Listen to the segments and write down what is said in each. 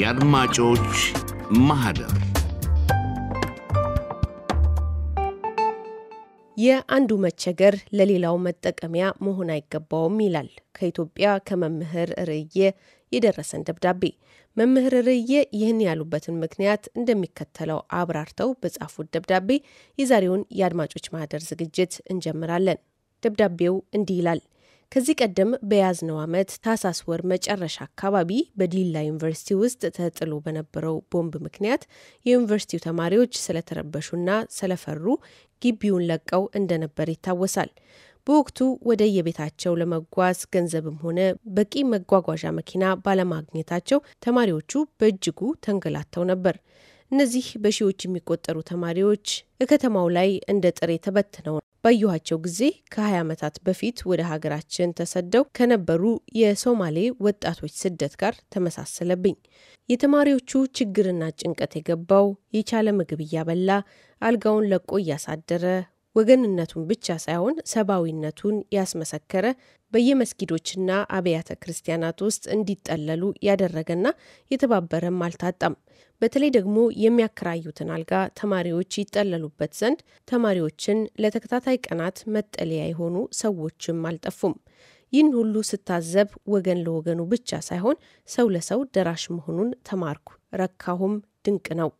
የአድማጮች ማህደር የአንዱ መቸገር ለሌላው መጠቀሚያ መሆን አይገባውም ይላል ከኢትዮጵያ ከመምህር ርዕዬ የደረሰን ደብዳቤ። መምህር ርዕዬ ይህን ያሉበትን ምክንያት እንደሚከተለው አብራርተው በጻፉት ደብዳቤ የዛሬውን የአድማጮች ማህደር ዝግጅት እንጀምራለን። ደብዳቤው እንዲህ ይላል። ከዚህ ቀደም በያዝነው ዓመት ታሳስ ወር መጨረሻ አካባቢ በዲላ ዩኒቨርሲቲ ውስጥ ተጥሎ በነበረው ቦምብ ምክንያት የዩኒቨርሲቲው ተማሪዎች ስለተረበሹና ስለፈሩ ግቢውን ለቀው እንደነበር ይታወሳል። በወቅቱ ወደ የቤታቸው ለመጓዝ ገንዘብም ሆነ በቂ መጓጓዣ መኪና ባለማግኘታቸው ተማሪዎቹ በእጅጉ ተንገላተው ነበር። እነዚህ በሺዎች የሚቆጠሩ ተማሪዎች ከተማው ላይ እንደ ጥሬ ተበትነው ባየኋቸው ጊዜ ከ20 ዓመታት በፊት ወደ ሀገራችን ተሰደው ከነበሩ የሶማሌ ወጣቶች ስደት ጋር ተመሳሰለብኝ። የተማሪዎቹ ችግርና ጭንቀት የገባው የቻለ ምግብ እያበላ አልጋውን ለቆ እያሳደረ ወገንነቱን ብቻ ሳይሆን ሰብአዊነቱን ያስመሰከረ በየመስጊዶችና አብያተ ክርስቲያናት ውስጥ እንዲጠለሉ ያደረገና የተባበረም አልታጣም። በተለይ ደግሞ የሚያከራዩትን አልጋ ተማሪዎች ይጠለሉበት ዘንድ ተማሪዎችን ለተከታታይ ቀናት መጠለያ የሆኑ ሰዎችም አልጠፉም። ይህን ሁሉ ስታዘብ ወገን ለወገኑ ብቻ ሳይሆን ሰው ለሰው ደራሽ መሆኑን ተማርኩ፣ ረካሁም። ድንቅ ነው።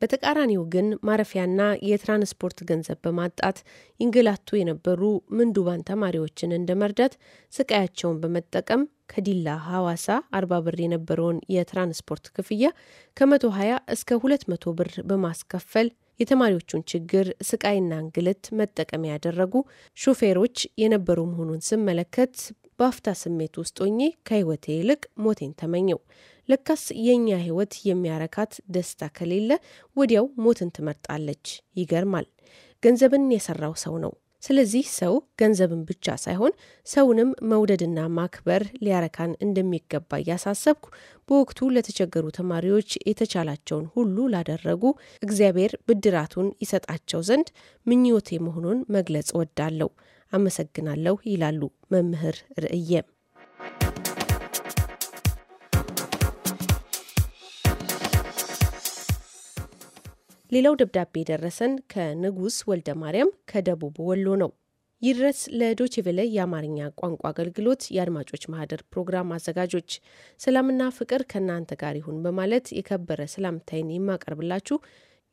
በተቃራኒው ግን ማረፊያና የትራንስፖርት ገንዘብ በማጣት ይንገላቱ የነበሩ ምንዱባን ተማሪዎችን እንደ መርዳት ስቃያቸውን በመጠቀም ከዲላ ሐዋሳ አርባ ብር የነበረውን የትራንስፖርት ክፍያ ከመቶ ሀያ እስከ ሁለት መቶ ብር በማስከፈል የተማሪዎቹን ችግር ስቃይና እንግልት መጠቀም ያደረጉ ሹፌሮች የነበሩ መሆኑን ስመለከት በአፍታ ስሜት ውስጥ ሆኜ ከህይወቴ ይልቅ ሞቴን ተመኘው። ለካስ የእኛ ህይወት የሚያረካት ደስታ ከሌለ ወዲያው ሞትን ትመርጣለች። ይገርማል። ገንዘብን የሰራው ሰው ነው። ስለዚህ ሰው ገንዘብን ብቻ ሳይሆን ሰውንም መውደድና ማክበር ሊያረካን እንደሚገባ እያሳሰብኩ በወቅቱ ለተቸገሩ ተማሪዎች የተቻላቸውን ሁሉ ላደረጉ እግዚአብሔር ብድራቱን ይሰጣቸው ዘንድ ምኞቴ መሆኑን መግለጽ ወዳለው አመሰግናለሁ ይላሉ መምህር ርእየም። ሌላው ደብዳቤ የደረሰን ከንጉስ ወልደ ማርያም ከደቡብ ወሎ ነው። ይድረስ ለዶችቬለ የአማርኛ ቋንቋ አገልግሎት የአድማጮች ማህደር ፕሮግራም አዘጋጆች ሰላምና ፍቅር ከእናንተ ጋር ይሁን በማለት የከበረ ሰላምታይን የማቀርብላችሁ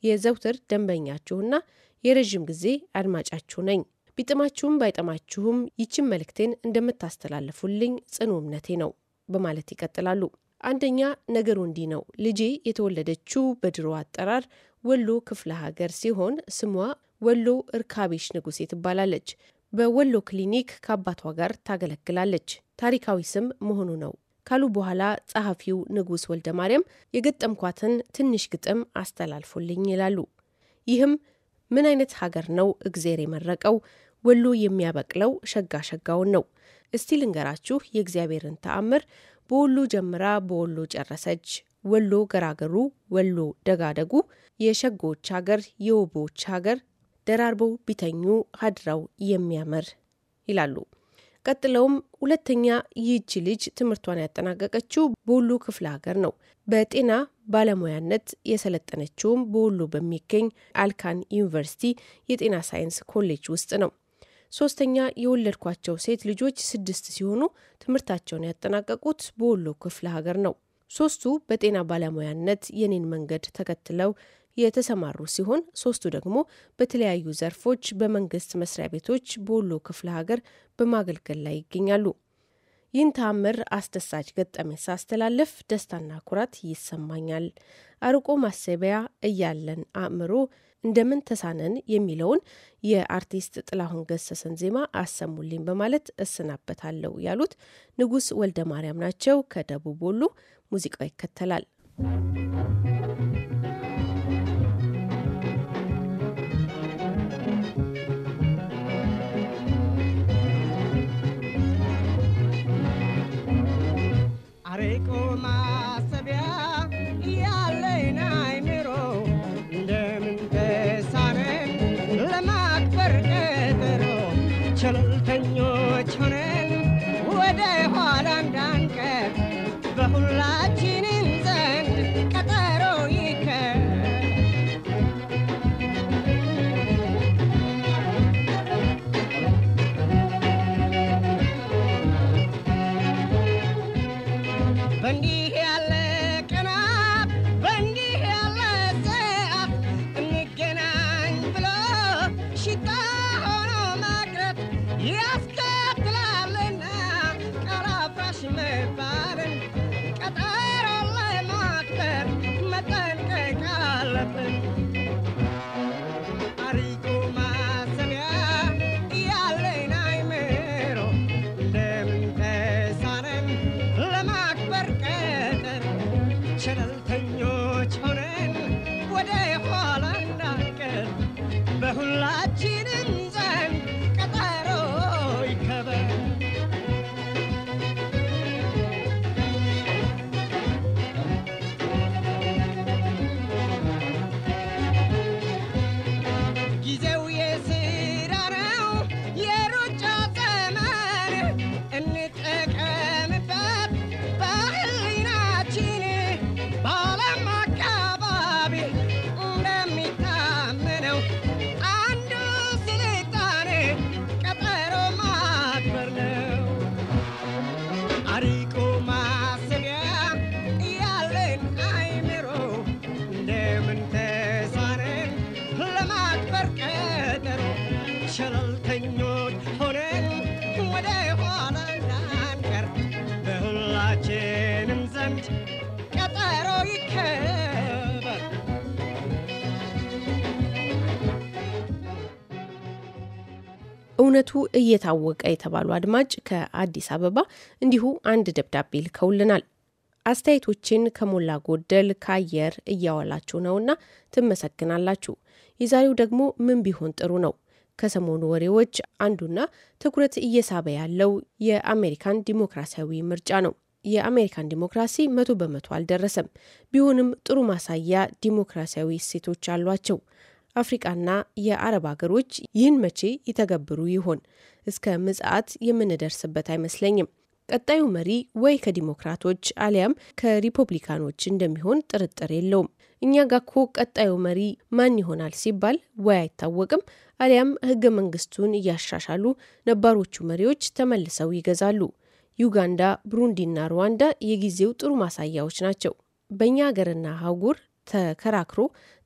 የዘውትር ደንበኛችሁና የረዥም ጊዜ አድማጫችሁ ነኝ። ቢጥማችሁም ባይጠማችሁም ይችን መልእክቴን እንደምታስተላልፉልኝ ጽኑ እምነቴ ነው በማለት ይቀጥላሉ። አንደኛ ነገሩ እንዲህ ነው። ልጄ የተወለደችው በድሮ አጠራር ወሎ ክፍለ ሀገር ሲሆን ስሟ ወሎ እርካቤሽ ንጉሴ ትባላለች። በወሎ ክሊኒክ ከአባቷ ጋር ታገለግላለች። ታሪካዊ ስም መሆኑ ነው ካሉ በኋላ ጸሐፊው ንጉሥ ወልደ ማርያም የገጠምኳትን ትንሽ ግጥም አስተላልፎልኝ ይላሉ። ይህም ምን አይነት ሀገር ነው እግዜር የመረቀው ወሎ የሚያበቅለው ሸጋ ሸጋውን ነው። እስቲ ልንገራችሁ የእግዚአብሔርን ተአምር በወሎ ጀምራ በወሎ ጨረሰች፣ ወሎ ገራገሩ፣ ወሎ ደጋደጉ፣ የሸጎዎች ሀገር፣ የውቦች ሀገር፣ ደራርበው ቢተኙ ሀድራው የሚያምር ይላሉ። ቀጥለውም ሁለተኛ ይህቺ ልጅ ትምህርቷን ያጠናቀቀችው በወሎ ክፍለ ሀገር ነው። በጤና ባለሙያነት የሰለጠነችውም በወሎ በሚገኝ አልካን ዩኒቨርሲቲ የጤና ሳይንስ ኮሌጅ ውስጥ ነው። ሶስተኛ የወለድኳቸው ሴት ልጆች ስድስት ሲሆኑ ትምህርታቸውን ያጠናቀቁት በወሎ ክፍለ ሀገር ነው። ሶስቱ በጤና ባለሙያነት የኔን መንገድ ተከትለው የተሰማሩ ሲሆን ሶስቱ ደግሞ በተለያዩ ዘርፎች በመንግስት መስሪያ ቤቶች በወሎ ክፍለ ሀገር በማገልገል ላይ ይገኛሉ። ይህን ተአምር አስደሳች ገጠመኝ ሳስተላለፍ ደስታና ኩራት ይሰማኛል። አርቆ ማሰቢያ እያለን አእምሮ እንደምን ተሳነን የሚለውን የአርቲስት ጥላሁን ገሰሰን ዜማ አሰሙልኝ በማለት እሰናበታለሁ ያሉት ንጉስ ወልደ ማርያም ናቸው። ከደቡብ ወሎ ሙዚቃው ይከተላል። እውነቱ እየታወቀ የተባሉ አድማጭ ከአዲስ አበባ እንዲሁ አንድ ደብዳቤ ልከውልናል። አስተያየቶችን ከሞላ ጎደል ከአየር እያዋላችሁ ነውና ትመሰግናላችሁ። የዛሬው ደግሞ ምን ቢሆን ጥሩ ነው? ከሰሞኑ ወሬዎች አንዱና ትኩረት እየሳበ ያለው የአሜሪካን ዲሞክራሲያዊ ምርጫ ነው። የአሜሪካን ዲሞክራሲ መቶ በመቶ አልደረሰም። ቢሆንም ጥሩ ማሳያ ዲሞክራሲያዊ እሴቶች አሏቸው። አፍሪቃና የአረብ ሀገሮች ይህን መቼ ይተገብሩ ይሆን? እስከ ምጽአት የምንደርስበት አይመስለኝም። ቀጣዩ መሪ ወይ ከዲሞክራቶች አሊያም ከሪፐብሊካኖች እንደሚሆን ጥርጥር የለውም። እኛ ጋኮ ቀጣዩ መሪ ማን ይሆናል ሲባል ወይ አይታወቅም አሊያም ህገ መንግስቱን እያሻሻሉ ነባሮቹ መሪዎች ተመልሰው ይገዛሉ። ዩጋንዳ፣ ብሩንዲና ሩዋንዳ የጊዜው ጥሩ ማሳያዎች ናቸው። በእኛ ሀገርና አህጉር ተከራክሮ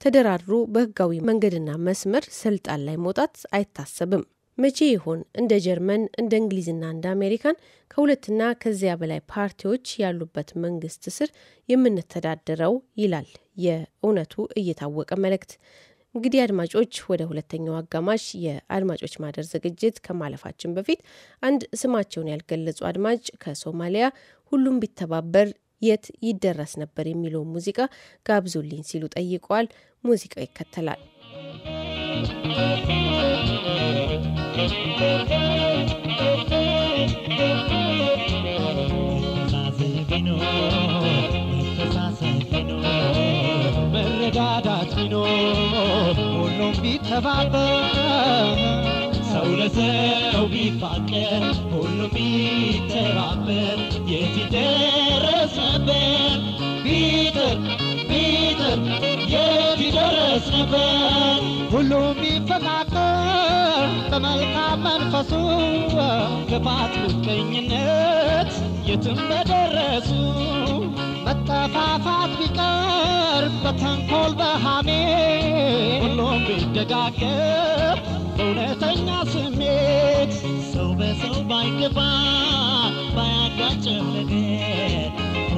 ተደራድሮ በህጋዊ መንገድና መስመር ስልጣን ላይ መውጣት አይታሰብም። መቼ ይሆን እንደ ጀርመን እንደ እንግሊዝና እንደ አሜሪካን ከሁለትና ከዚያ በላይ ፓርቲዎች ያሉበት መንግስት ስር የምንተዳደረው? ይላል የእውነቱ እየታወቀ መልእክት። እንግዲህ አድማጮች፣ ወደ ሁለተኛው አጋማሽ የአድማጮች ማደር ዝግጅት ከማለፋችን በፊት አንድ ስማቸውን ያልገለጹ አድማጭ ከሶማሊያ ሁሉም ቢተባበር የት ይደረስ ነበር የሚለውን ሙዚቃ ጋብዙልኝ ሲሉ ጠይቀዋል። ሙዚቃው ይከተላል። መረዳዳት ቢኖር ሁሉም ቢተባበር ሰው ለሰው ቢፋቀር ሁሉም ቢተባበር የት ነበር ቢጥር ቢጥር የት ይደረስ ነበር ሁሉም ይፈቃቀር በመልካም መንፈሱ ክፋት፣ ምቀኝነት የትም በደረሱ መጠፋፋት ቢቀር በተንኮል በሃሜ ሁሉም ቢደጋገፍ በእውነተኛ ስሜት ሰው በሰው ባይገባ ባያጋጨ ነገር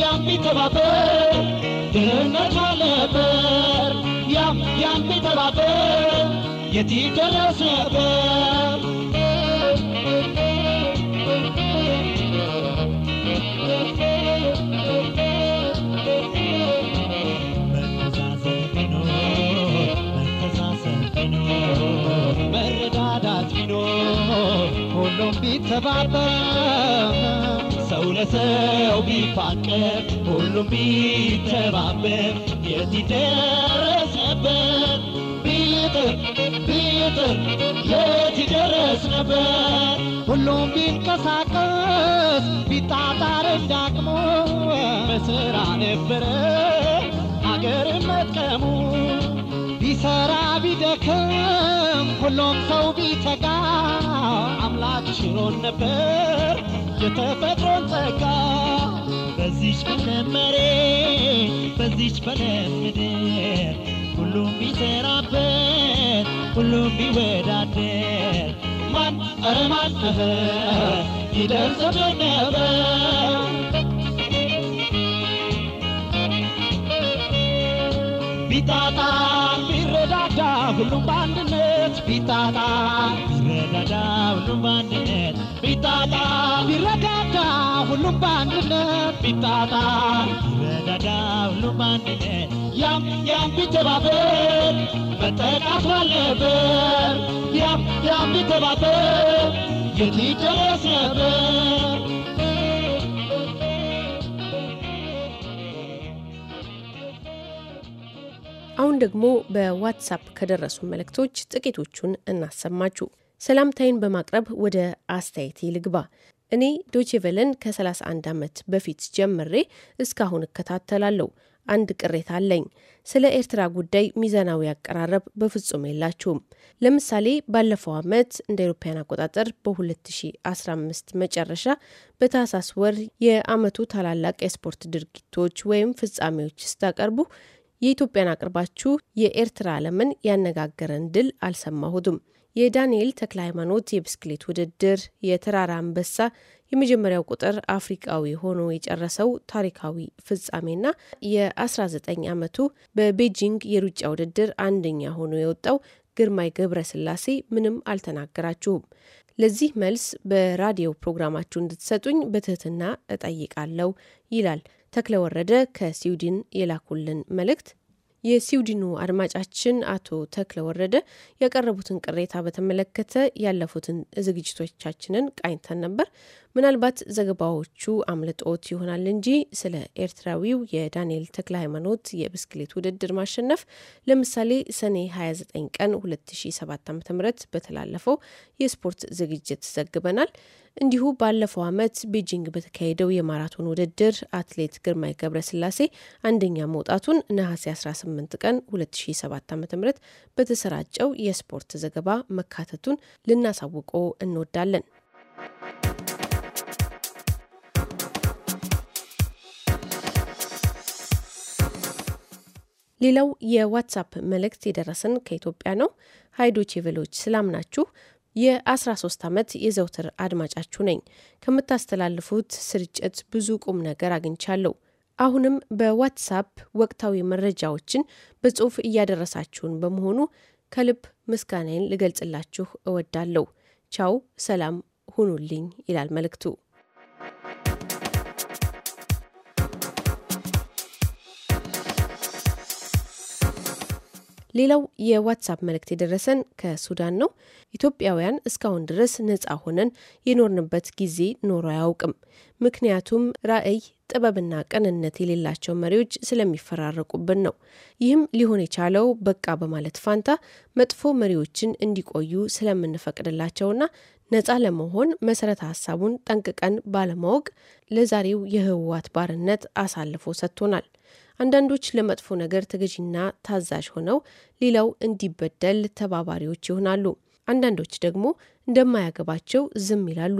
ያም ቢተባበር ድህነት ነበር። ያም ያም የት ይደረስ ነበር። ቢፋቀር ሁሉም ቢተባበር የት ይደረስ የት ይደረስ ነበር? ሁሉም ቢንቀሳቀስ ቢጣጣር እንዳቅሙ በስራ ነበረ አገርን መጥቀሙ ቢሰራ ቢደክም ሁሉም ሰው ቢተጋ አምላክ ሽሮን ነበር የተፈጥሮን ጸጋ በዚች በሰመሬ በዚች በለምድር ሁሉም ቢሰራበት ሁሉም ቢወዳደር ማን ኧረ ማን ይደርስብን ነበር ቢታጣ ቢረዳዳ ሁሉም በአንድነት ቢታጣ ቢረዳዳ ሁሉም በአንድነት ቢታጣ ቢረዳ ሁሉም በአንድነት ቢጣጣ ይረዳዳ ሁሉም በአንድነት ያም ያም ቢተባበር ያም ያም ቢተባበር የት ይደረስ ነበር አሁን ደግሞ በዋትሳፕ ከደረሱ መልእክቶች ጥቂቶቹን እናሰማችሁ። ሰላምታይን በማቅረብ ወደ አስተያየቴ ልግባ። እኔ ዶቼቬለን ከ31 ዓመት በፊት ጀምሬ እስካሁን እከታተላለሁ። አንድ ቅሬታ አለኝ። ስለ ኤርትራ ጉዳይ ሚዛናዊ አቀራረብ በፍጹም የላችሁም። ለምሳሌ ባለፈው ዓመት እንደ አውሮፓውያን አቆጣጠር በ2015 መጨረሻ በታህሳስ ወር የዓመቱ ታላላቅ የስፖርት ድርጊቶች ወይም ፍጻሜዎች ስታቀርቡ የኢትዮጵያን አቅርባችሁ የኤርትራ ዓለምን ያነጋገረን ድል አልሰማሁትም። የዳንኤል ተክለ ሃይማኖት የብስክሌት ውድድር የተራራ አንበሳ የመጀመሪያው ቁጥር አፍሪቃዊ ሆኖ የጨረሰው ታሪካዊ ፍጻሜና የ19 ዓመቱ በቤጂንግ የሩጫ ውድድር አንደኛ ሆኖ የወጣው ግርማይ ገብረ ስላሴ ምንም አልተናገራችሁም። ለዚህ መልስ በራዲዮ ፕሮግራማችሁ እንድትሰጡኝ በትህትና እጠይቃለሁ ይላል ተክለ ወረደ ከስዊድን የላኩልን መልእክት። የስዊድኑ አድማጫችን አቶ ተክለ ወረደ ያቀረቡትን ቅሬታ በተመለከተ ያለፉትን ዝግጅቶቻችንን ቃኝተን ነበር። ምናልባት ዘገባዎቹ አምልጦት ይሆናል እንጂ ስለ ኤርትራዊው የዳንኤል ተክለ ሃይማኖት የብስክሌት ውድድር ማሸነፍ ለምሳሌ ሰኔ 29 ቀን 2007 ዓ በተላለፈው የስፖርት ዝግጅት ዘግበናል። እንዲሁ ባለፈው ዓመት ቤጂንግ በተካሄደው የማራቶን ውድድር አትሌት ግርማይ ገብረስላሴ አንደኛ መውጣቱን ነሐሴ 18 ቀን 2007 ዓ ም በተሰራጨው የስፖርት ዘገባ መካተቱን ልናሳውቆ እንወዳለን። ሌላው የዋትሳፕ መልእክት የደረሰን ከኢትዮጵያ ነው። ሀይዶ ቼቬሎች ስላምናችሁ የ13 ዓመት የዘውትር አድማጫችሁ ነኝ። ከምታስተላልፉት ስርጭት ብዙ ቁም ነገር አግኝቻለሁ። አሁንም በዋትሳፕ ወቅታዊ መረጃዎችን በጽሁፍ እያደረሳችሁን በመሆኑ ከልብ ምስጋናዬን ልገልጽላችሁ እወዳለሁ። ቻው፣ ሰላም ሁኑልኝ ይላል መልእክቱ። ሌላው የዋትሳፕ መልእክት የደረሰን ከሱዳን ነው። ኢትዮጵያውያን እስካሁን ድረስ ነፃ ሆነን የኖርንበት ጊዜ ኖሮ አያውቅም። ምክንያቱም ራዕይ፣ ጥበብና ቅንነት የሌላቸው መሪዎች ስለሚፈራረቁብን ነው። ይህም ሊሆን የቻለው በቃ በማለት ፋንታ መጥፎ መሪዎችን እንዲቆዩ ስለምንፈቅድላቸውና ነፃ ለመሆን መሰረተ ሀሳቡን ጠንቅቀን ባለማወቅ ለዛሬው የህወሓት ባርነት አሳልፎ ሰጥቶናል። አንዳንዶች ለመጥፎ ነገር ተገዢና ታዛዥ ሆነው ሌላው እንዲበደል ተባባሪዎች ይሆናሉ። አንዳንዶች ደግሞ እንደማያገባቸው ዝም ይላሉ።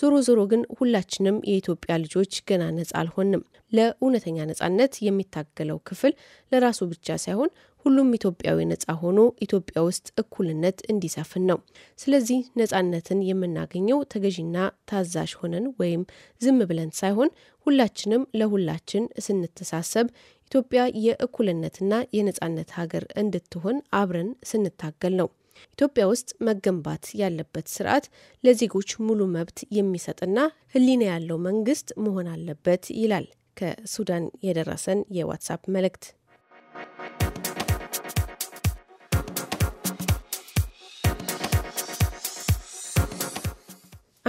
ዞሮ ዞሮ ግን ሁላችንም የኢትዮጵያ ልጆች ገና ነጻ አልሆንም። ለእውነተኛ ነጻነት የሚታገለው ክፍል ለራሱ ብቻ ሳይሆን ሁሉም ኢትዮጵያዊ ነጻ ሆኖ ኢትዮጵያ ውስጥ እኩልነት እንዲሰፍን ነው። ስለዚህ ነጻነትን የምናገኘው ተገዢና ታዛዥ ሆነን ወይም ዝም ብለን ሳይሆን ሁላችንም ለሁላችን ስንተሳሰብ ኢትዮጵያ የእኩልነትና የነጻነት ሀገር እንድትሆን አብረን ስንታገል ነው። ኢትዮጵያ ውስጥ መገንባት ያለበት ስርዓት ለዜጎች ሙሉ መብት የሚሰጥና ሕሊና ያለው መንግስት መሆን አለበት ይላል ከሱዳን የደረሰን የዋትሳፕ መልእክት።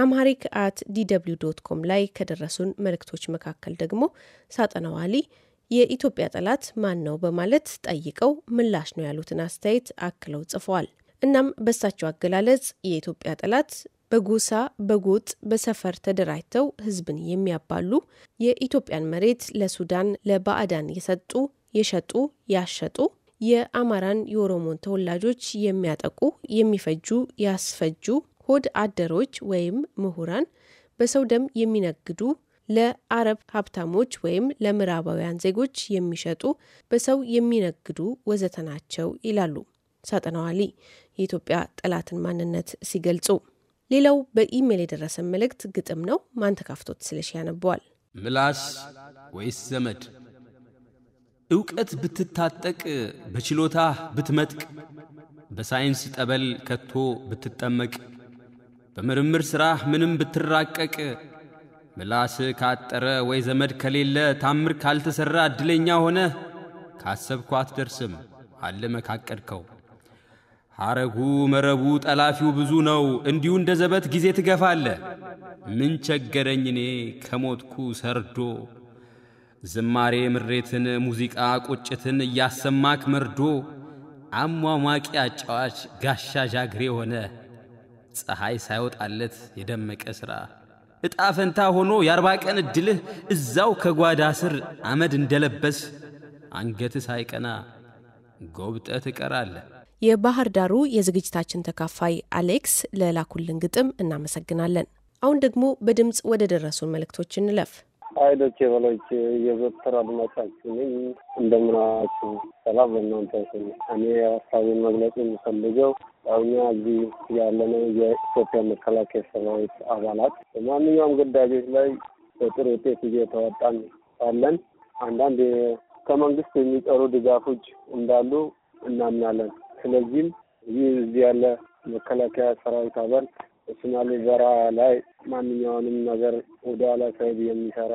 አምሃሪክ አት ዲደብሊው ዶት ኮም ላይ ከደረሱን መልእክቶች መካከል ደግሞ ሳጠነዋሊ የኢትዮጵያ ጠላት ማን ነው በማለት ጠይቀው ምላሽ ነው ያሉትን አስተያየት አክለው ጽፈዋል። እናም በሳቸው አገላለጽ የኢትዮጵያ ጠላት በጎሳ በጎጥ በሰፈር ተደራጅተው ህዝብን የሚያባሉ የኢትዮጵያን መሬት ለሱዳን ለባዕዳን የሰጡ የሸጡ ያሸጡ የአማራን የኦሮሞን ተወላጆች የሚያጠቁ የሚፈጁ ያስፈጁ ሆድ አደሮች ወይም ምሁራን በሰው ደም የሚነግዱ ለአረብ ሀብታሞች ወይም ለምዕራባውያን ዜጎች የሚሸጡ በሰው የሚነግዱ ወዘተ ናቸው ይላሉ ሳጠናዋሊ የኢትዮጵያ ጠላትን ማንነት ሲገልጹ። ሌላው በኢሜይል የደረሰን መልእክት ግጥም ነው። ማንተካፍቶት ስለሽ ያነበዋል። ምላስ ወይስ ዘመድ እውቀት ብትታጠቅ በችሎታ ብትመጥቅ በሳይንስ ጠበል ከቶ ብትጠመቅ በምርምር ሥራህ ምንም ብትራቀቅ ምላስህ ካጠረ ወይ ዘመድ ከሌለ ታምር ካልተሠራ ዕድለኛ ሆነ ካሰብኩ አትደርስም አልመህ ካቀድከው። ሐረጉ መረቡ ጠላፊው ብዙ ነው፣ እንዲሁ እንደ ዘበት ጊዜ ትገፋለ ምን ቸገረኝ እኔ ከሞትኩ ሰርዶ ዝማሬ ምሬትን ሙዚቃ ቁጭትን እያሰማክ መርዶ አሟሟቂ አጫዋች ጋሻ ዣግሬ ሆነ ፀሐይ ሳይወጣለት የደመቀ ሥራ ዕጣ ፈንታ ሆኖ የአርባ ቀን ዕድልህ እዛው ከጓዳ ስር አመድ እንደለበስ አንገትህ ሳይቀና ጎብጠ ትቀራለ። የባህር ዳሩ የዝግጅታችን ተካፋይ አሌክስ ለላኩልን ግጥም እናመሰግናለን። አሁን ደግሞ በድምፅ ወደ ደረሱን መልእክቶች እንለፍ። አይዶች የበሎች የዘወትር አድማጫችሁ ነኝ። እንደምናችሁ ሰላም በእናንተ ስል እኔ ሀሳቤን መግለጽ የምፈልገው አሁኛ እዚህ ያለነው የኢትዮጵያ መከላከያ ሰራዊት አባላት በማንኛውም ግዳጆች ላይ በጥሩ ውጤት እየተወጣን ሳለን አንዳንድ ከመንግስት የሚጠሩ ድጋፎች እንዳሉ እናምናለን። ስለዚህም ይህ እዚህ ያለ መከላከያ ሰራዊት አባል ሶማሌ ዘራ ላይ ማንኛውንም ነገር ወደኋላ ሳይድ የሚሰራ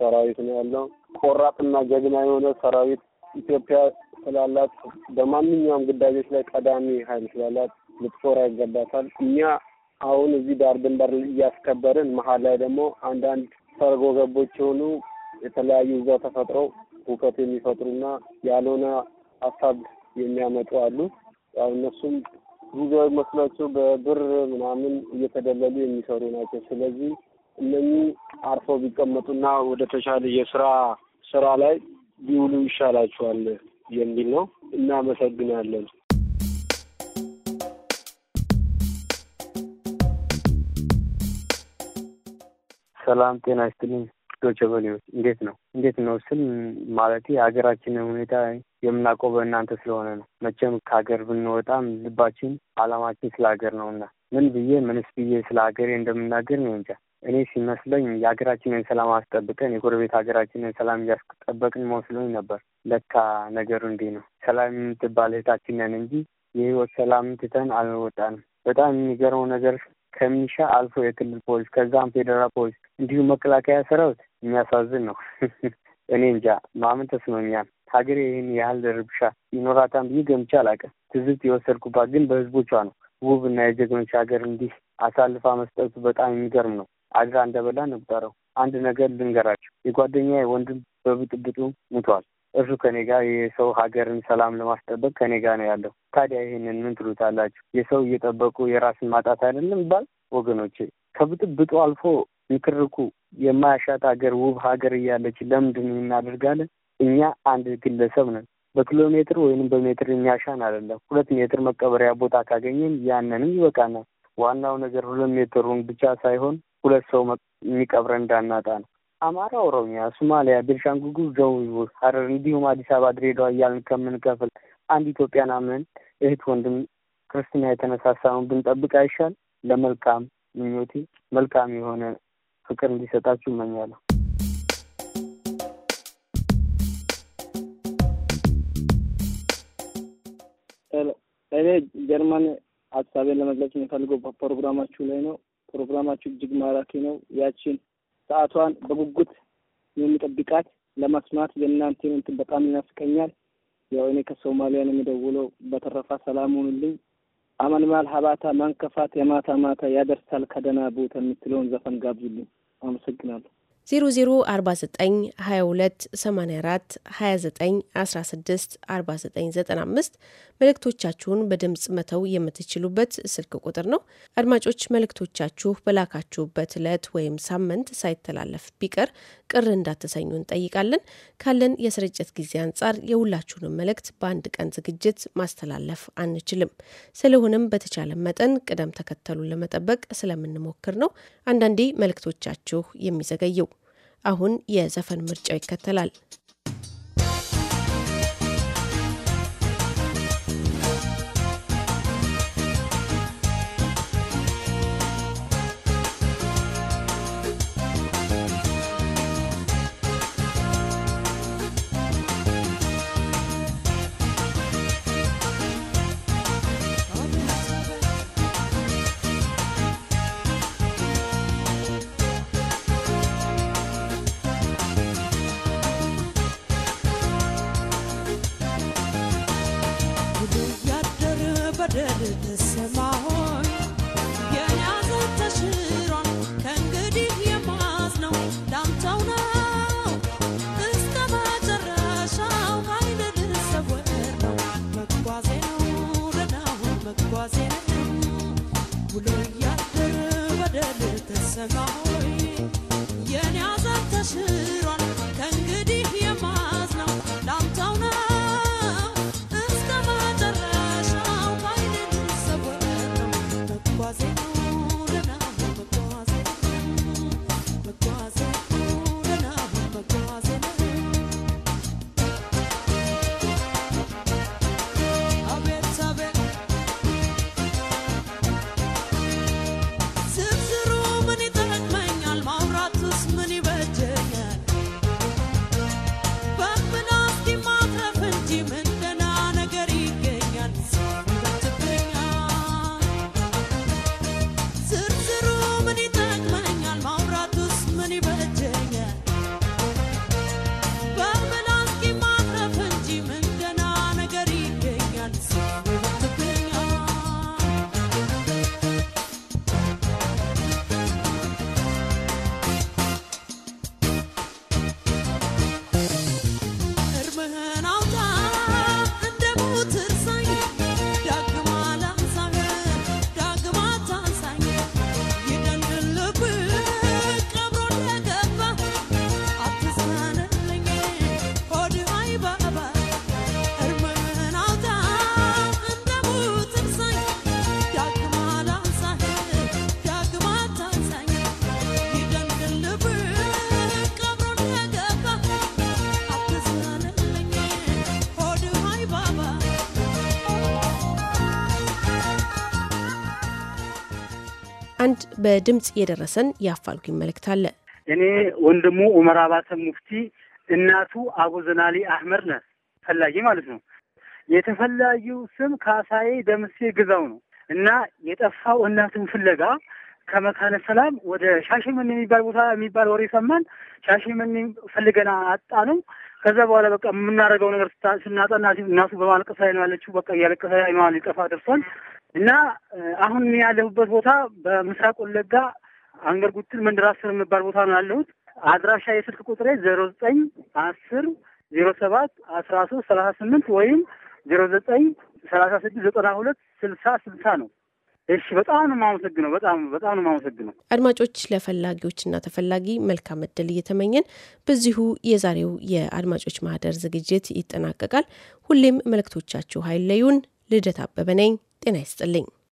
ሰራዊት ነው ያለው። ቆራጥና ጀግና የሆነ ሰራዊት ኢትዮጵያ ስላላት በማንኛውም ግዳጆች ላይ ቀዳሚ ኃይል ስላላት ልትኮራ ይገባታል። እኛ አሁን እዚህ ዳር ድንበር እያስከበርን መሀል ላይ ደግሞ አንዳንድ ሰርጎ ገቦች የሆኑ የተለያዩ እዛ ተፈጥረው ሁከት የሚፈጥሩና ያልሆነ ሀሳብ የሚያመጡ አሉ። ያው እነሱም ጉዞ መስሏቸው በብር ምናምን እየተደለሉ የሚሰሩ ናቸው። ስለዚህ እነኚህ አርፈው ቢቀመጡና ወደ ተሻለ የስራ ስራ ላይ ቢውሉ ይሻላቸዋል የሚል ነው። እናመሰግናለን። ሰላም ጤና ይስጥልኝ። ዶቸበሌዎች እንዴት ነው እንዴት ነው ስል ማለት የሀገራችንን ሁኔታ የምናውቀው በእናንተ ስለሆነ ነው። መቼም ከሀገር ብንወጣም ልባችን አላማችን ስለ ሀገር ነውና ምን ብዬ ምንስ ብዬ ስለ ሀገሬ እንደምናገር ነው እንጃ። እኔ ሲመስለኝ የሀገራችንን ሰላም አስጠብቀን የጎረቤት ሀገራችንን ሰላም እያስጠበቅን መስሎኝ ነበር። ለካ ነገሩ እንዲህ ነው። ሰላም የምትባል እህታችን ነን እንጂ የህይወት ሰላም ትተን አልወጣንም። በጣም የሚገርመው ነገር ከሚሻ አልፎ የክልል ፖሊስ፣ ከዛም ፌዴራል ፖሊስ፣ እንዲሁም መከላከያ ሰራዊት የሚያሳዝን ነው። እኔ እንጃ ማመን ተስኖኛል። ሀገሬ ይህን ያህል ርብሻ ይኖራታን ብዬ ገምቼ አላውቅም። ትዝብት የወሰድኩባት ግን በህዝቦቿ ነው። ውብ እና የጀግኖች ሀገር እንዲህ አሳልፋ መስጠቱ በጣም የሚገርም ነው። አድራ እንደበላ ነበረው። አንድ ነገር ልንገራቸው፣ የጓደኛ ወንድም በብጥብጡ ሙቷል። እርሱ ከኔ ጋር የሰው ሀገርን ሰላም ለማስጠበቅ ከኔ ጋር ነው ያለው። ታዲያ ይህንን ምን ትሉታላችሁ? የሰው እየጠበቁ የራስን ማጣት አይደለም ባል ወገኖቼ። ከብጥብጡ አልፎ ንክርኩ የማያሻት ሀገር ውብ ሀገር እያለች ለምንድን እናደርጋለን? እኛ አንድ ግለሰብ ነን። በኪሎ ሜትር ወይንም በሜትር የሚያሻን አይደለም። ሁለት ሜትር መቀበሪያ ቦታ ካገኘን ያንንም ይበቃናል። ዋናው ነገር ሁለት ሜትሩን ብቻ ሳይሆን ሁለት ሰው የሚቀብረ እንዳናጣ ነው። አማራ፣ ኦሮሚያ፣ ሶማሊያ፣ ቤንሻንጉል ጉሙዝ፣ ደቡብ ሐረር እንዲሁም አዲስ አበባ፣ ድሬዳዋ እያልን ከምንከፍል አንድ ኢትዮጵያን አምነን እህት ወንድም ክርስትና የተነሳሳውን ብንጠብቅ አይሻል? ለመልካም ምኞቴ መልካም የሆነ ፍቅር እንዲሰጣችሁ እመኛለሁ። እኔ ጀርመን ሀሳቤን ለመግለጽ የሚፈልገው በፕሮግራማችሁ ላይ ነው። ፕሮግራማችሁ እጅግ ማራኪ ነው። ያችን ሰዓቷን በጉጉት የሚጠብቃት ለመስማት የእናንተ እንትን በጣም ይናፍቀኛል። ያው እኔ ከሶማሊያ ነው የሚደውለው። በተረፋ ሰላም ሁኑልኝ። አመልማል ሀባታ መንከፋት የማታ ማታ ያደርሳል ከደና ቦታ የምትለውን ዘፈን ጋብዙልኝ። አመሰግናለሁ። 0049228429164995 መልእክቶቻችሁን በድምፅ መተው የምትችሉበት ስልክ ቁጥር ነው። አድማጮች መልእክቶቻችሁ በላካችሁበት ዕለት ወይም ሳምንት ሳይተላለፍ ቢቀር ቅር እንዳትሰኙ እንጠይቃለን። ካለን የስርጭት ጊዜ አንጻር የሁላችሁንም መልእክት በአንድ ቀን ዝግጅት ማስተላለፍ አንችልም። ስለሆነም በተቻለ መጠን ቅደም ተከተሉን ለመጠበቅ ስለምንሞክር ነው አንዳንዴ መልእክቶቻችሁ የሚዘገየው። አሁን የዘፈን ምርጫው ይከተላል። ያደር በደል ተሰማሆኝ የናዘ ተሽሯን ከእንግዲህ የማዝ ነው ዳምተው ነው እስከ መጨረሻው ኃይል ልሰወር ነው መጓዜ ነው ረናሁ በድምፅ የደረሰን የአፋልጉኝ መልእክት አለ። እኔ ወንድሙ ኡመር አባተ ሙፍቲ፣ እናቱ አቡዘናሊ አህመድ ነ ፈላጊ ማለት ነው። የተፈላጊው ስም ካሳዬ ደምሴ ግዛው ነው እና የጠፋው እናትን ፍለጋ ከመካነ ሰላም ወደ ሻሸመኔ የሚባል ቦታ የሚባል ወሬ ሰማን። ሻሸመኔ ፈልገና አጣ ነው። ከዛ በኋላ በቃ የምናደርገው ነገር ስናጠና እናቱ በማልቀስ ላይ ነው ያለችው። በቃ እያለቀሰ ላይ ነው ሊጠፋ ደርሷል። እና አሁን ያለሁበት ቦታ በምስራቅ ወለጋ ጉትል መንደር አስር የሚባል ቦታ ነው ያለሁት። አድራሻ የስልክ ቁጥሬ ዜሮ ዘጠኝ አስር ዜሮ ሰባት አስራ ሶስት ሰላሳ ስምንት ወይም ዜሮ ዘጠኝ ሰላሳ ስድስት ዘጠና ሁለት ስልሳ ስልሳ ነው። እሺ፣ በጣም ነው የማመሰግነው። በጣም በጣም ነው የማመሰግነው። አድማጮች፣ ለፈላጊዎችና ተፈላጊ መልካም እድል እየተመኘን በዚሁ የዛሬው የአድማጮች ማህደር ዝግጅት ይጠናቀቃል። ሁሌም መልእክቶቻችሁ አይለዩን። ልደት አበበ ነኝ። ጤና ይስጥልኝ።